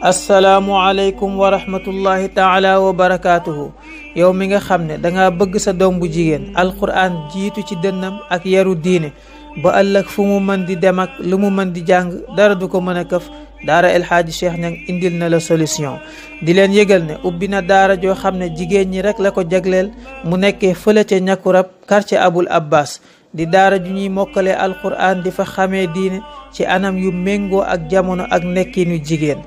asalaamualeykum wa rahmatullahi taala wa barakaatuhu yow mi nga xam ne danga bëgg sa doom bu jigéen alquran jiitu ci dënnam ak yaru diine ba ëllëg fu mu mën di dem ak lu mu mën di jàng dara du ko mën a këf daara El Hadji Cheikh Niang indil na la solution di leen yëgal ne ubbi na daara joo xam ne jigéen ñi rek la ko jagleel mu nekkee fële ca ñàkkurab quartier abul abbas di daara ju ñuy mokkale alquran di fa xamee diine ci anam yu méngoo ak jamono ak nekkinu jigéen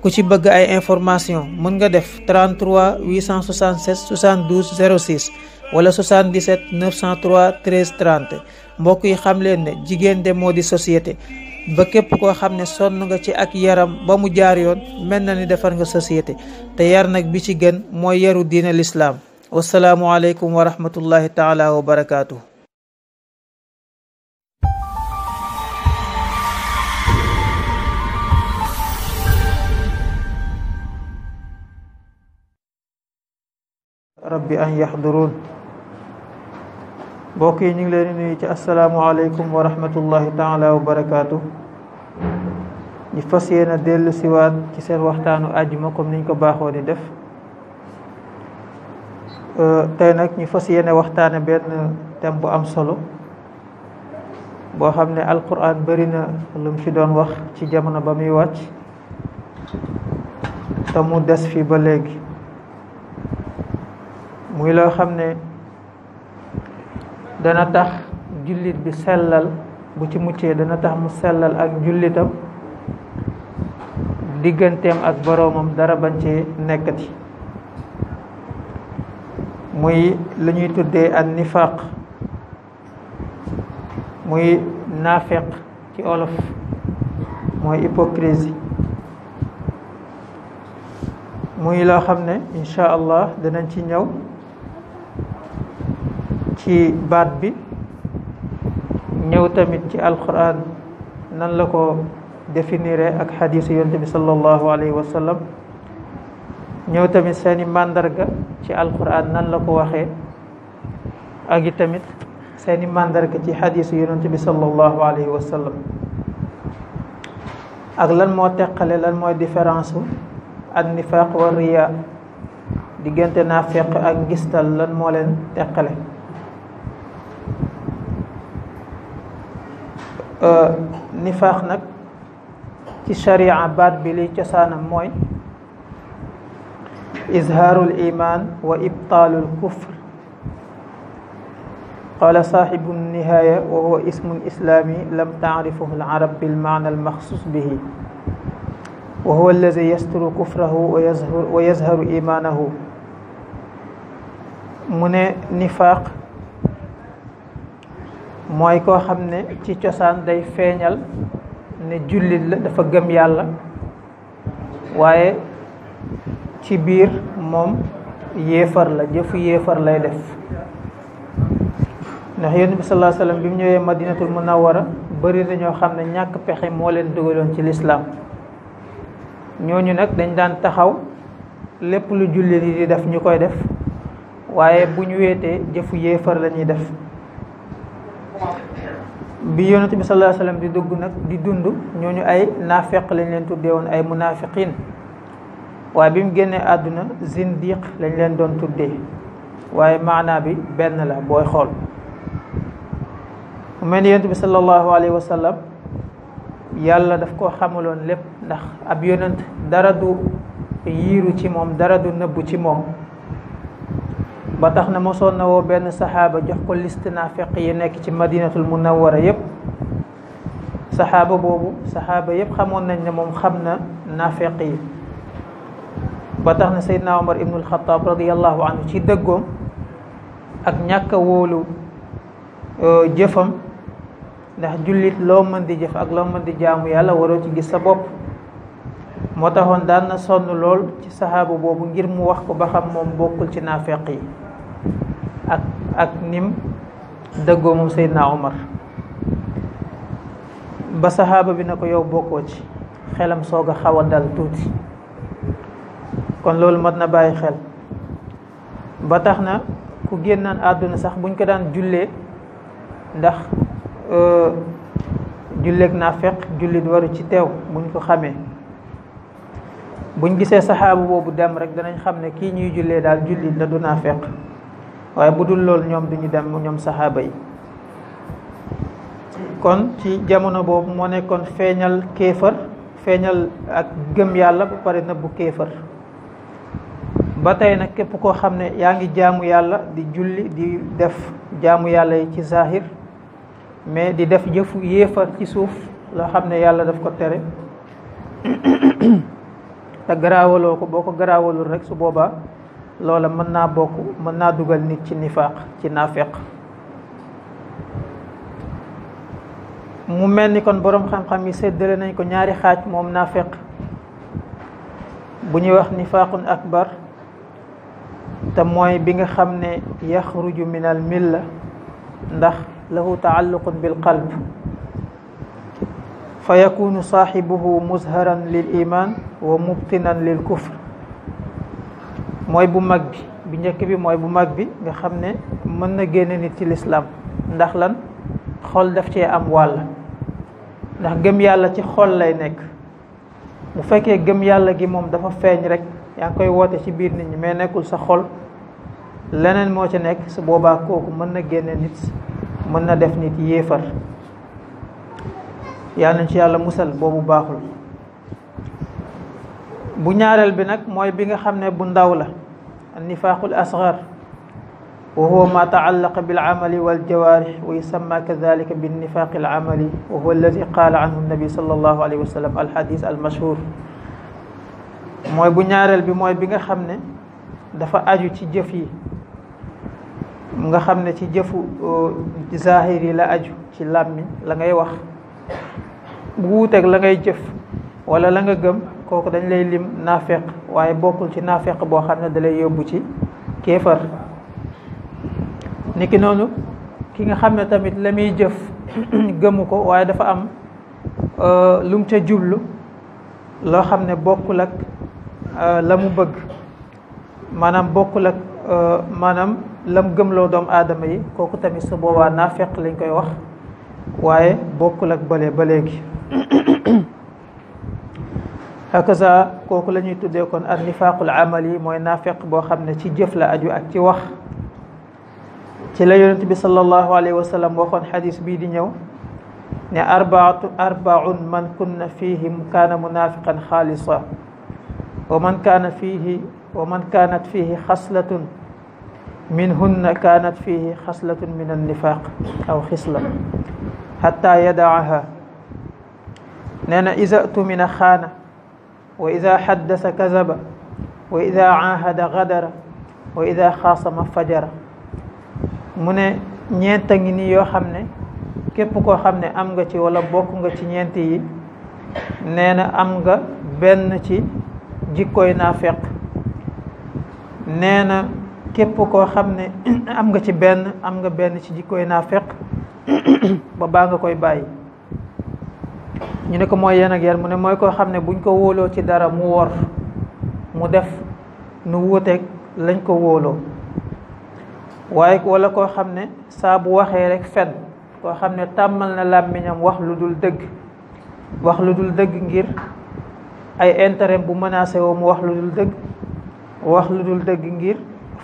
ku ci bëgg ay information mën nga def 33 867 72 06 wala 77 903 13 30 mbokk yi xam leen ne jigéen de moo di société ba képp koo xam ne sonn nga ci ak yaram ba mu jaar yoon mel na ni defar nga société te yar nag bi ci gën mooy yaru diina lislaam wasalaamualeykum wa rahmatullahi taala wa barakaatu. rabbi an yaxduruun mbokk yi ñu ngi leen di nuyu ci asalaamualeykum wa rahmatullahi taala wa barakaatu ñu fas yéene dellu siwaat ci seen waxtaanu àjjuma comme niñ ko baaxoo di def tey nag ñu fas yéene waxtaane benn thème bu am solo boo xam ne alquran bëri na lu mu fi doon wax ci jamono ba muy wàcc te mu des fi ba léegi muy loo xam ne dana tax jullit bi sellal bu ci muccee dana tax mu sellal ak jullitam digganteem ak boroomam dara bañ ci nekkati muy li ñuy tuddee ak nifaq muy naafeq ci olof mooy hypocrisie muy loo xam ne incha allah danañ ci ñëw ci baat bi ñëw tamit ci alquran nan la ko définiré ak hadith yonte bi sallallahu alayhi wa sallam ñëw tamit seeni màndarga ci alquran nan la ko waxe ak tamit seeni màndarga ci hadith yonente bi sallallahu alayhi wa sallam ak lan moo teqale lan mooy différence ak nifaq wa riya diggante naafeq ak gistal lan moo leen teqale آه، نفاق نك في شريعة baat بلي li موي إظهار الإيمان وإبطال الكفر قال صاحب النهاية وهو اسم إسلامي لم تعرفه العرب بالمعنى المخصوص به وهو الذي يستر كفره ويظهر, ويظهر إيمانه من نفاق mooy koo xam ne ci cosaan day feeñal ne jullit la dafa gëm yàlla waaye ci biir moom yéefar la jëfu yéefar lay def ndax yonent bi sallallahu alayhi wa sallam bi mu ñëwee madinatul munawwara bëri na ñoo xam ne ñàkk pexe moo leen dugaloon ci lislaam ñooñu nag dañ daan taxaw lépp lu jullit yi di def ñu koy def waaye bu ñu weetee jëfu yéefar lañuy ñuy def bi yonent bi sallallahu wa sallam di dugg nag di dund ñooñu ay naafeq lañ leen tuddee woon ay munaafiqin waaye bi mu génnee àdduna zindiq lañ leen doon tuddee waaye maanaa bi benn la booy xool mu mel ni bi sallallahu alayhi wa sallam yàlla daf koo xamaloon lépp ndax ab yonent dara du yiiru ci moom dara du nëbbu ci moom ba tax na mosoon na woo benn saxaaba jox ko liste naafeq yi nekk ci madinatul munawwara yépp saxaaba boobu saxaaba yépp xamoon nañ ne moom xam na naafeq yi ba tax na seydna omar ibnul xataab radiallahu anhu ci dëggoom ak ñàkk wóolu e, jëfam ndax jullit loo mën di jëf ak loo mën di jaamu yàlla waroo ci gis sa bopp moo taxoon daan na sonn lool ci saxaaba boobu ngir mu wax ko ba xam moom bokkul ci naafeq yi ak nim dëggoo moom na Omar ba saxaaba bi na ko yow bokkoo ci xelam soog a xaw a dal tuuti kon loolu mat na bàyyi xel ba tax na ku génnaan àdduna sax buñ ko daan jullee ndax euh, julleeg naa feq jullit waru ci teew buñ ko xamee buñ gisee saxaaba boobu dem rek danañ xam ne kii ñuy jullee daal jullit la du naa feq waaye bu dul loolu ñoom duñu dem ñoom sahaaba yi kon ci jamono boobu moo nekkoon feeñal kéefar feeñal ak gëm yàlla ba pare nëbbu kéefar ba tey nag képp koo xam ne yaa ngi jaamu yàlla di julli di def jaamu yàlla yi ci zaahir mais di def jëfu yéefar ci suuf loo xam ne yàlla daf ko tere te garaawaloo ko boo ko garaawalul rek su boobaa loola mën naa bokk mën naa dugal nit ci nifaaq ci naafeq mu mel ni kon boroom xam-xam yi séddale nañ ko ñaari xaaj moom naafeq bu ñuy wax nifaaqun akbar te mooy bi nga xam ne yaxruju min al milla ndax lahu taalluqun bil qalb fa yakunu saaxibuhu muzharan lil iman wa mubtinan lil kufr mooy bu mag bi bu njëkk bi mooy bu mag bi nga xam ne mën na génne nit ci lislaam ndax lan xol daf cee am wàll ndax gëm yàlla ci xol lay nekk bu fekkee gëm yàlla gi moom dafa feeñ rek yaa ngi koy woote ci biir nit ñi mais nekkul sa xol leneen moo ci nekk su boobaa kooku mën na génne nit mën na def nit yéefar yal nañ ci yàlla musal boobu baaxul bu ñaareel bi nag mooy bi nga xam ne bu ndaw la النفاق الأصغر وهو ما تعلق بالعمل والجوارح ويسمى كذلك بالنفاق العملي وهو الذي قال عنه النبي صلى الله عليه وسلم الحديث المشهور موي بو نيارال بي موي بيغا خامني دا فا اجو تي جيف يي مغا خامني تي جيف ظاهري لا اجو تي لامي لا غاي واخ بووتك لا غاي جيف ولا لا غا گم كوكو دنج لاي ليم نافق waaye bokkul ci naafeq boo xam ne dalay yóbbu ci kéefar ki noonu ki nga xam ne tamit la muy jëf gëmu ko waaye dafa am euh, lu mu ca jublu loo xam ne bokkul ak euh, la mu bëgg maanaam bokkul ak euh, maanaam la mu gëmloo doom aadama yi kooku tamit su boobaa naafeq lañ koy wax waaye bokkul ak bële ba léegi hakaza koku lañuy tuddé kon ar nifaqul amali moy nafiq bo xamné ci jëf la aju ak ci wax ci la yaronte bi sallallahu alayhi wa sallam waxoon hadith bi di ñëw ne arbaatu arbaun man kunna fihi kana munafiqan khalisa wa man kana fihi wa man kanat fihi khaslatun minhunna kanat fihi khaslatun min an-nifaq aw khisla hatta yadaaha nena na isa tumina xaana wa ida xaddasa kazaba wa ida ahada gadara wa ida xaasama fajara mu ne ñeent a ngi nii yoo xam ne képp koo xam ne am nga ci wala bokk nga ci ñeent yi nee na am nga benn ci jikkoy naafeq nee na képp koo ne am nga ci benn am nga benn ci jikkoy naafeq ba baa nga koy bàyyi ñu ne ko mooy yan ak yan mu ne mooy koo xam ne buñ ko wóoloo ci dara mu wor mu def nu wuuteeg lañ ko wóoloo waaye wala koo xam ne saa bu waxee rek fen koo xam ne tàmmal na làmmiñam wax lu dul dëgg wax lu dul dëgg ngir ay intérêt bu menacé woo mu wax lu dëgg wax lu dul dëgg ngir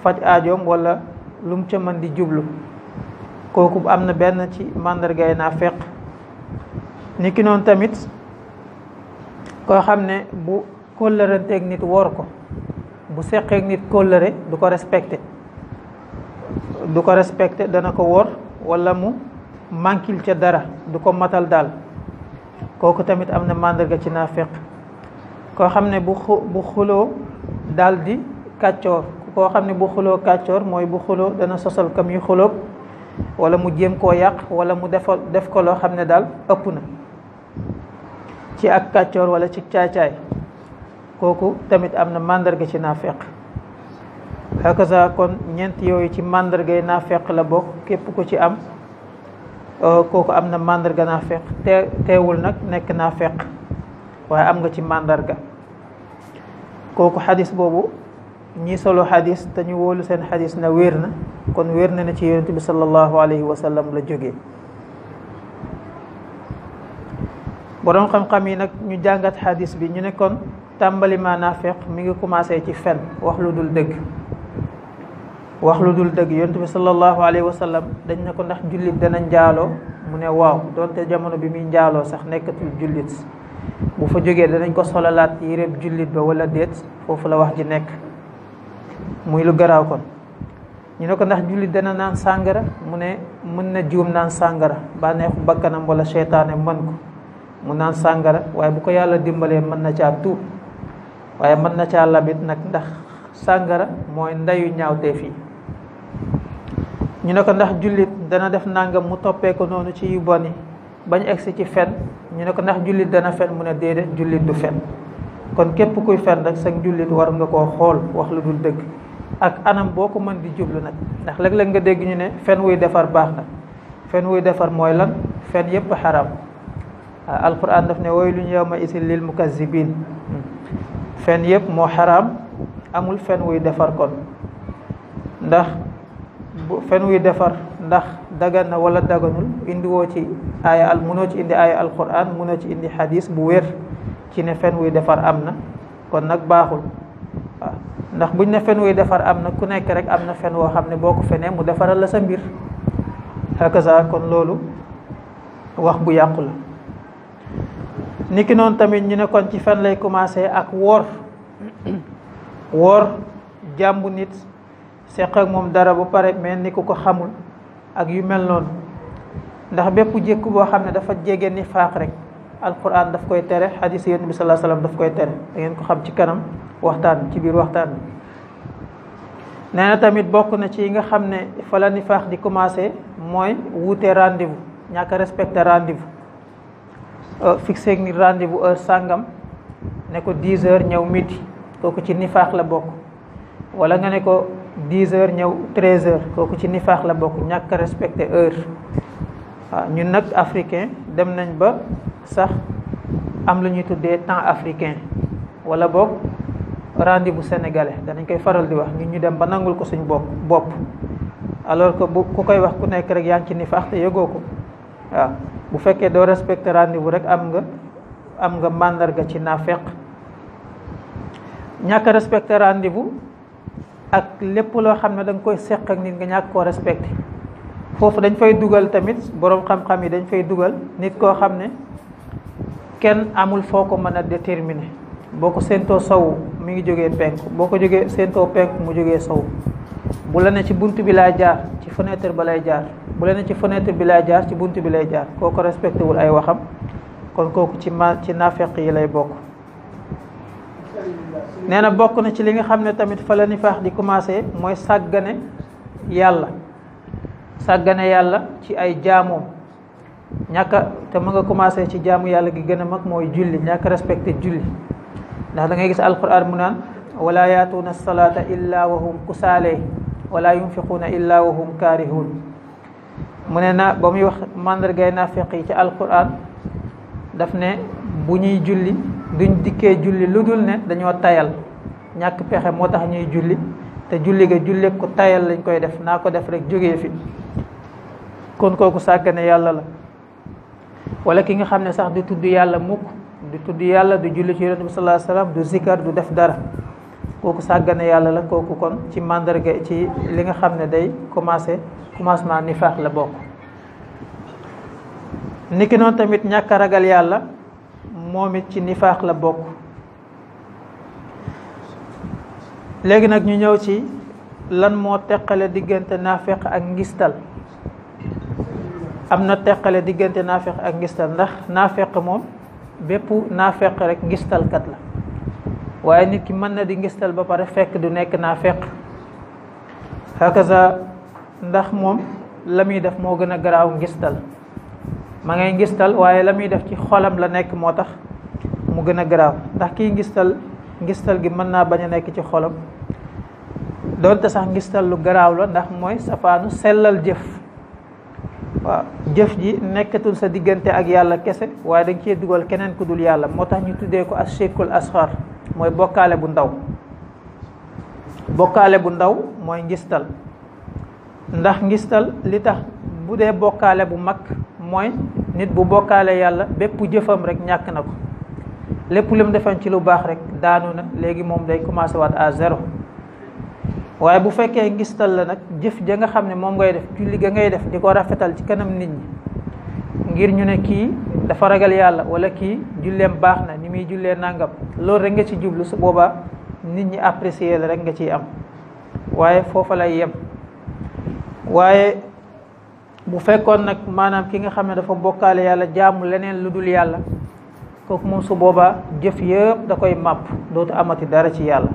faj aajoom wala lu mu ca mën di jublu kooku am na benn ci màndargaay naa feq ni ki noonu tamit koo xam ne bu kóllëranteeg nit woor ko bu seqeeg nit kóllëre du ko respecté du ko respecté dana ko woor walla mu manquil ca dara du ko matal daal kooku tamit am na màndarga ci naafeq koo xam ne bu xuloo daal di kàccoor koo xam ne bu xuloo kàccoor mooy bu xuloo dana sosal kam yu xuloog wala mu jéem koo yàq wala mu defal def ko loo xam ne daal ëpp na ci ak kàccoor wala ci caacaay kooku tamit am na màndarga ci naafeq hakaza kon ñeent yooyu ci màndargay naafeq la bokk képp ku ci am euh, kooku am na màndarga naafeq te teewul nag nekk naafeq waaye am nga ci màndarga kooku xadis boobu ñi solo xadis te ñu wóolu seen xadis na wér na kon wér na ne ci yonent bi sallallahu alayhi wa sallam la jóge borom xam-xam yi nag ñu jàngat xadis bi ñu nekkoon tàmbali maa naafeq mi ngi commencé ci fen wax lu dul dëgg wax lu dul dëgg yonent bi sallallahu alayhi wa sallam dañ ne ndax jullit dana njaaloo mu ne waaw donte jamono bi muy njaaloo sax nekkatul jullit bu fa jógee danañ ko solalaat yéreeb jullit ba wala déet foofu la wax ji nekk muy lu garaaw kon ñu ne ko ndax jullit dana naan sàngara mu ne mën na juum naan sàngara bànneexu bakkanam wala seytaane mën ko mu naan sàngara waaye bu ko yàlla dimbalee mën na caa tuub waaye mën na caa labit nag ndax sàngara mooy ndeyu ñaawtee fii ñu ne ko ndax jullit dana def nangam mu toppee noonu ci yu boni bañ egsi ci fen ñu ne ko ndax jullit dana fen mu ne déedéet jullit du fen kon képp kuy fen rek sa jullit war nga koo xool wax lu dul dëgg ak anam boo ko mën di jublu nag ndax léeg-léeg nga dégg ñu ne fen wuy defar baax na fen wuy defar mooy lan fen yépp xaram alquran daf ne woy lu ñu yawma isin lil mukazzibin fen yépp moo xaram amul fen wuy defar kon ndax bu fen wuy defar ndax dagan na wala daganul indiwoo ci aaya al munoo ci indi aaya alquran munoo ci indi xadis bu wér ci ne fen wuy defar am na kon nag baaxul waaw ndax buñ ne fen wuy defar am na ku nekk rek am na fen woo xam ne boo ko fenee mu defaral la sa mbir hakaza kon loolu wax bu yàqul niki noonu tamit ñu ne kon ci fan lay commencer ak woor woor jàmbu nit seq ak moom dara bu pare mel ni ku ko xamul ak yu mel noonu ndax bépp jëkk boo xam ne dafa jege ni faax rek alquran daf koy tere xadis yonent bi sallallahu alayhi daf koy tere da ngeen ko xam ci kanam waxtaan ci biir waxtaan bi nee na tamit bokk na ci yi nga xam ne fala la ni faax di commencé mooy wuute rendez-vous ñàkk respecté rendez Euh, fixé ak rendi bu vous heure sàngam ne ko 10 heures ñëw midi kooku ci nifaax la bokk wala nga ne ko 10 heures ñëw 13 heures kooku ci nifaax la bokk ñàkk respecté heure waaw ñun nag africain dem nañ ba sax am lu ñuy tuddee temps africain wala boog rendez bu sénégalais danañ koy faral di wax ñun ñu dem ba nangul ko suñ bopp bopp alors ko bu ku koy wax ku nekk rek yaa ngi ci nifaax te yëgoo ko waaw bu fekkee doo respecte rendez-vous rek am nga am nga màndarga ci naafeq ñàkk respecté rendez-vous ak lépp loo xam ne da koy seq ak nit nga ñàkk koo respecté foofu dañ fay dugal tamit boroom xam-xam yi dañ fay dugal nit koo xam ne kenn amul foo ko mën a déterminer boo ko séentoo sow mi ngi jógee penk boo ko jógee séentoo penk mu jógee sow bu la ne ci bunt bi lay jaar ci fenêtre ba lay jaar bu la ne ci fenêtre bi lay jaar ci bunt bi lay jaar respecté wul ay waxam kon ci ci yi lay na na ci li nga ne tamit fa la nifaax di commencé mooy sàggane yàlla sàggane yàlla ci ay jaamoom ñàkka te mu nga commencé ci jaamu yàlla gi gën a mag mooy julli ñàkk respecté julli ndax da ngay gis alquran mu ولا ياتون الصلاة إلا وهم كسالي ولا ينفقون إلا وهم كارهون منينا بومي وخ ماندر غاي نافقي القران دافني بوني جولي دون ديكي جولي لودول ني دانيو نياك فخه موتاخ ني جولي تا جولي غا جولي كو تايال لا نكوي داف ناكو في كون كوكو ساكنه يالا لا ولا كيغا خامني صاح دو تودو يالا موك دو تودو يالا دو جولي تي الله صلى الله عليه kooku sàggane yàlla la kooku kon ci màndarga ci li nga xam ne day commencé commencement nifaax la bokk niki noonu tamit ñàkk ragal yàlla moom it ci nifaax la bokk léegi nag ñu ñëw ci lan moo teqale diggante naafeq ak ngistal am na teqale diggante naafeq ak ngistal ndax naafeq moom bépp naafeq rek ngistalkat la waaye nit ki mën na di ngistal ba pare fekk du nekk naa fekk hakaza ndax moom la muy def moo gën a garaaw ngistal ma ngay ngistal waaye la muy def ci xolam la nekk moo tax mu gën a garaaw ndax kii ngistal ngistal gi mën naa bañ a nekk ci xolam doonte sax ngistal lu garaaw la ndax mooy safaanu sellal jëf waaw jëf ji nekkatul sa diggante ak yàlla kese waaye dañ cee dugal keneen ku dul yàlla moo tax ñu tuddee ko as shirkul asxar mooy bokkaale bu ndaw bokkaale bu ndaw mooy ngistal ndax ngistal li tax bu dee bokkaale bu mag mooy nit bu bokkaale yàlla bépp jëfam rek ñàkk na ko lépp lim defan ci lu baax rek daanu na léegi moom day commencé waat à zéro waaye bu fekkee ngistal la nag jëf ja nga xam ne moom ngay def julli ga ngay def di ko rafetal ci kanam nit ñi ngir ñu ne kii dafa ragal yàlla wala kii julleem baax na ni muy jullee nangam loolu rek nga ci jublu su boobaa nit ñi apprécier la rek nga ciy am waaye foofa lay yem waaye bu fekkoon nag maanaam ki nga xam ne dafa bokkaale yàlla jaamu leneen lu dul yàlla kooku moom su boobaa jëf yëpp da koy màpp dootu amati dara ci yàlla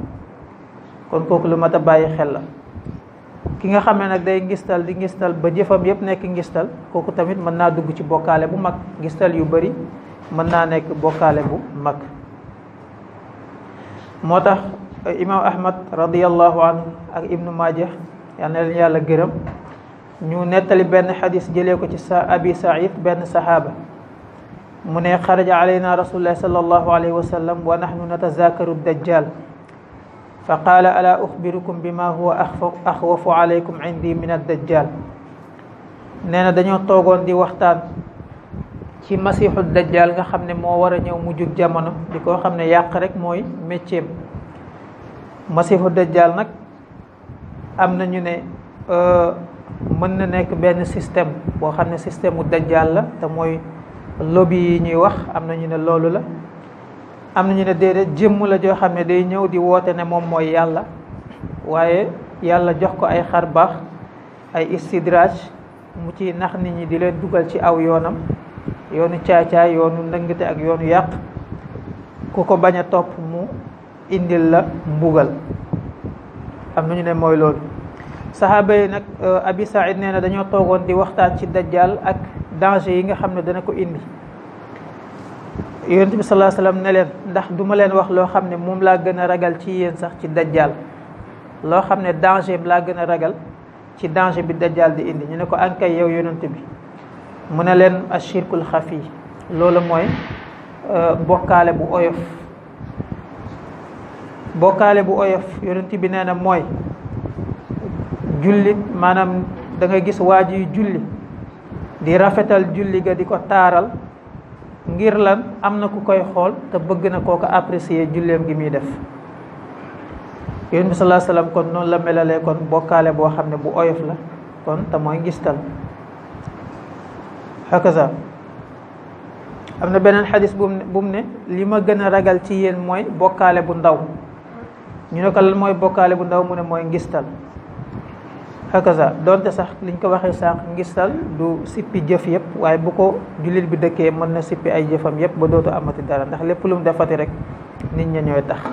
kon kooku lu mat a bàyyi xel la ki nga xam ne nag day ngistal di ngistal ba jëfam yépp nekk ngistal kooku tamit mën naa dugg ci bokkaale bu mag ngistal yu bari mën naa nekk bokkaale bu mag moo tax eh, imaam ahmad radiallahu ak ibnu maaja yal na leen yàlla gërëm ñu nettali benn xadis jële ko ci sa abi said benn sahaaba mu ne xaraja alayna rasulullah sallallahu alayhi wa sallam wa nahnu natazakaru dajjal fa qaala alaa uxbirukum bi ma huwa axwafu alaykum indi min addajjal nee na dañoo toogoon di waxtaan ci masiixu dajal nga xam ne moo war a ñëw mu jug jamono li koo xam ne yàq rek mooy métier masiixu dajjal nag am na ñu ne euh, mën na nekk benn système boo xam ne système u dajjal la te mooy lobby yi ñuy wax am na ñu ne loolu la am na ñu ne déedéet jëmm la joo xam ne day ñëw di woote ne moom mooy yàlla waaye yàlla jox ko ay xar baax ay istidraaj mu ci nax nit ñi di leen dugal ci aw yoonam yoonu caacaay yoonu ndëngate ak yoonu yàq ku ko bañ a topp mu indil la mbugal am na ñu ne mooy loolu saxaaba yi nag euh, abi saïd nee na dañoo toogoon di waxtaan ci dajjal ak danger yi nga xam ne dana ko indi yonent bi sallallahu alayhi wa sallam ne leen ndax du ma leen wax loo xam ne moom laa gën a ragal ci yéen sax ci dajjal loo xam ne danger bi laa gën a ragal ci danger bi dajjal di indi ñu ne ko ankay yow yonent bi mu ne leen ashirkul xafi loolu mooy bokkaale bu oyof bokkaale bu oyof yonent bi nee na mooy julli maanaam da nga gis waa ji julli di rafetal julli ga di ko taaral ngir lan am na ku koy xool te bëgg na koo ko apprécier julleem gi muy def yonent bi sallallahu alayhi kon noonu la melalee kon bokkaale boo xam ne bu oyof la kon te mooy ngistal hakaza am na beneen xadis bu mu ne li ma gën a ragal ci yéen mooy bokkaale bu ndaw ñu ne ko lan mooy bokkaale bu ndaw mu ne mooy ngistal hakaza donte sax liñ ko waxee sànq ngistal du sippi jëf yëpp waaye bu ko jullit bi dëkkee mën na sippi ay jëfam yëpp ba dootu amati dara ndax lépp lu mu defati rek nit ña ñooy tax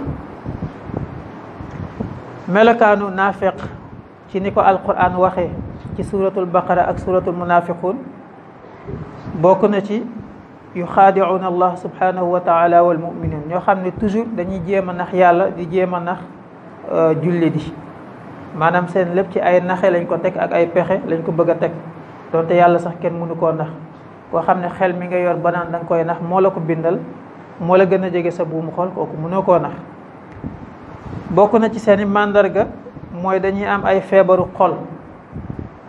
melokaanu naafiq ci ni ko alquran waxe ci suratul baqara ak suratul munafiqun bokk na ci yu xaadicuuna allah subhanahu wa taala wal muminin ñoo xam ne toujours dañuy jéem a nax yàlla di jéem a nax julli di maanaam seen lépp ci ay naxe lañ ko teg ak ay pexe lañ ko bëgg a teg donte yàlla sax kenn mënu koo nax koo xam ne xel mi nga yor ba naan da koy nax moo la ko bindal moo la gën a jege sa buumu xol kooku mënoo koo nax bokk na ci seeni màndarga mooy dañuy am ay feebaru xol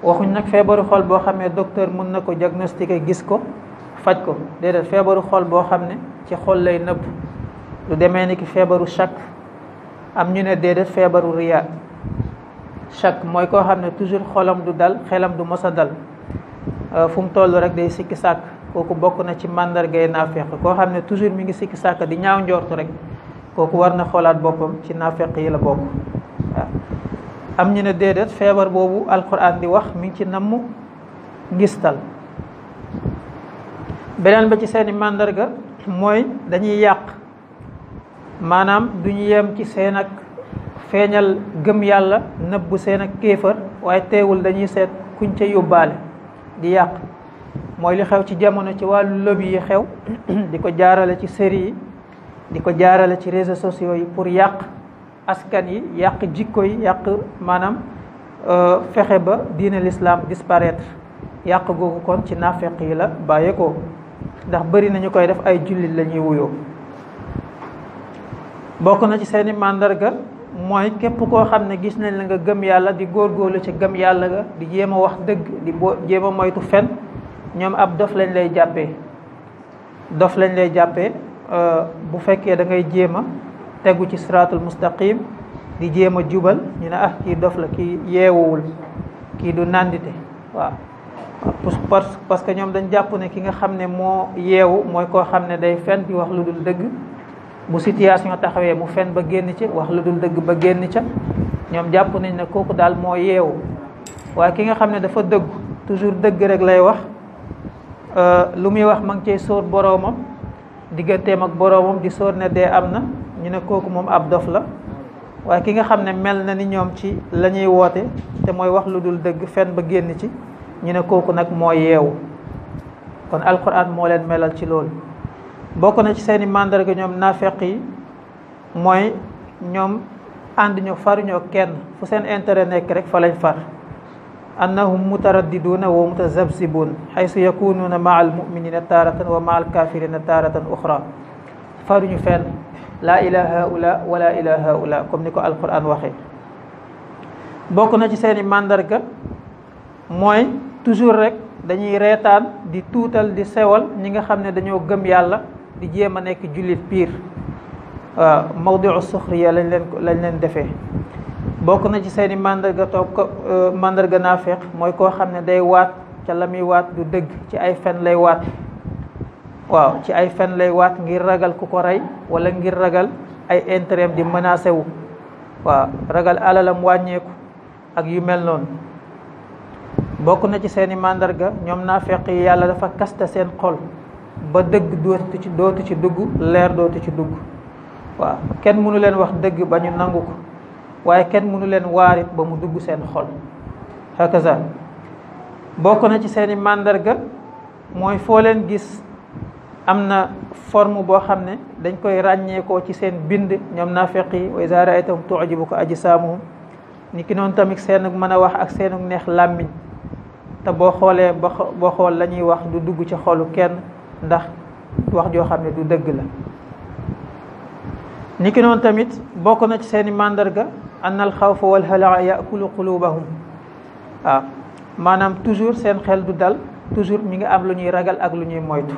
waxuñ nag feebaru xol boo xam ne docteur mën na ko diagnostiquer gis ko faj ko déedéet feebaru xol boo xam ne ci xol lay nëbb lu demee ni ki feebaru chaque am ñu ne déedéet feebaru riya shak mooy koo xam ne toujours xolam du dal xelam du mos a dal euh, fu mu toll rek day sikki sàkk kooku bokk na ci màndargay naafeq koo xam ne toujours mi ngi sikki sàkk di ñaaw njortu rek kooku war na xoolaat boppam ci naafeq yi la bokk am ñu ne déedéet feebar boobu alquran di wax mi ngi ci namm ngistal beneen ba ci seeni màndarga mooy dañuy yàq maanaam ñu yem ci seen ak feeñal gëm yàlla nëbbu seen ak kéefër waaye teewul dañuy seet kuñ ca yóbbaale di yàq mooy li xew ci jamono ci wàllu lobby yi xew di ko jaarale ci série yi di ko jaarale ci réseaux sociaux yi pour yàq askan yi yàq jikko yi yàq maanaam euh, fexe ba diine l'islam disparaître yàq googu kon ci naafeq yi la bàyyeekoo ndax bëri nañu koy def ay jullit la ñuy wuyoo bokk na ci seeni màndarga mooy képp koo xam ne gis nañ la nga gëm yàlla di góor góorgóorlu ci gëm yàlla ga di jéem a wax dëgg di boo jéem a moytu fen ñoom ab dof lañ lay jàppee dof lañ lay jàppee euh, bu fekkee da ngay jéem a tegu ci siraatul mustaqim di jéem a jubal ñu ne ah kii dof la kii yeewuwul kii du nàndite waaw parce que ñoom dañ jàpp ne ki nga xam ne moo yeewu mooy koo xam ne day fen di wax lu dul dëgg bu situation taxawee mu fen ba génn ci wax lu dul dëgg ba génn ca ñoom jàpp nañ ne kooku daal moo yeewu waaye ki nga xam ne dafa dëgg toujours dëgg rek lay wax euh, lu muy wax ma ngi cay sóor boroomam digganteem ak boroomam di sóor ne dee am na ñu ne kooku moom ab dof la waaye ki nga xam ne mel na ni ñoom ci la ñuy woote te mooy wax lu dul dëgg fen ba génn ci ñu ne kooku nag moo yeewu kon alquran moo leen melal ci loolu bokku na ci seeni màndarga ñoom naafeq yi mooy ñoom ànd ñu faruñoo kenn fu seen intérêt nekk rek fa lañ far annahum mutaraddiduna wa mutazabsibun haythu yakununa maa almuminina taratan wa maa alkafirina taaratan uxra faruñu fenn ilaha ula wa la ilaha ula comme ni ko alquran waxe bokku na ci seeni màndarga mooy toujours rek dañuy reetaan di tuutal di sewal ñi nga xam ne dañoo gëm yàlla di jéem a nekk jullit piir euh, mawdiu suxriya lañ leen lañ bokun defee bokk na ci seeni mandarga toog euh, màndarga naafeq mooy koo xam ne day wat ca la muy fan du dëgg ci ay fen lay waat waaw ci ay fen lay waat ngir ragal ku ko wala ngir ragal ay intérêt di menacé wu waaw ragal alalam wàññeeku ak yu mel noonu bokk na ci seeni mandarga ñoom naafeq yi dafa seen xol ba dëgg dootu ci dootu ci dugg leer dootu ci dugg waaw kenn mënu leen wax dëgg ba ñu nangu ko waaye kenn mënu leen waarit ba mu dugg seen xol hakaza bokk na ci seeni màndarga mooy foo leen gis am na forme boo xam ne dañ koy ràññeekoo ci seen bind ñoom naafeq yi wa izaa ra'aytahum tu'jibuka ajsaamuhum ni ki noonu tamit seen mën a wax ak seenu neex làmmiñ te boo xoolee boo xool lañuy wax du dugg ci xolu kenn ndax wax joo xam ne du dëgg la niki noonu tamit bokk na ci seeni màndarga an al xawfa yakulu waaw maanaam toujours seen xel du dal toujours mi nga am lu ñuy ragal ak lu ñuy moytu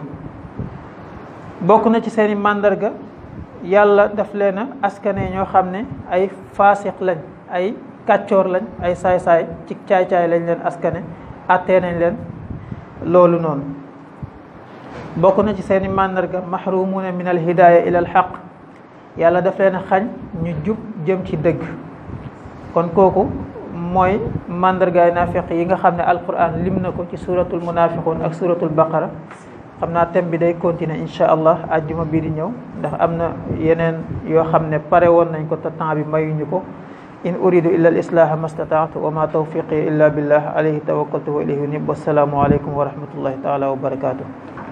bokk na ci seeni màndarga yàlla daf leen a askane ñoo xam ne ay fasix lañ ay kàccoor lañ ay saay-saay ci caay-caay lañ leen askane attee nañ leen loolu noonu bokk na ci seeni màndarga mahrumuuna min al hidaaya ila al xaq yàlla daf leen xañ ñu jub jëm ci dëgg kon kooku mooy màndargaay naafiq yi nga xam ne alquran lim na ko ci suratul munafiqun ak suratul baqara xam naa thème bi day continuer incha allah ajjuma bii di ñëw ndax am na yeneen yoo xam ne pare woon nañ ko te temps bi mayuñu ko in uridu illa al islaha mastataatu wa ma tawfiqi illa billah alayhi tawakkaltu wa ilayhi unib wassalaamu aleykum wa rahmatullahi taala wa barakatuh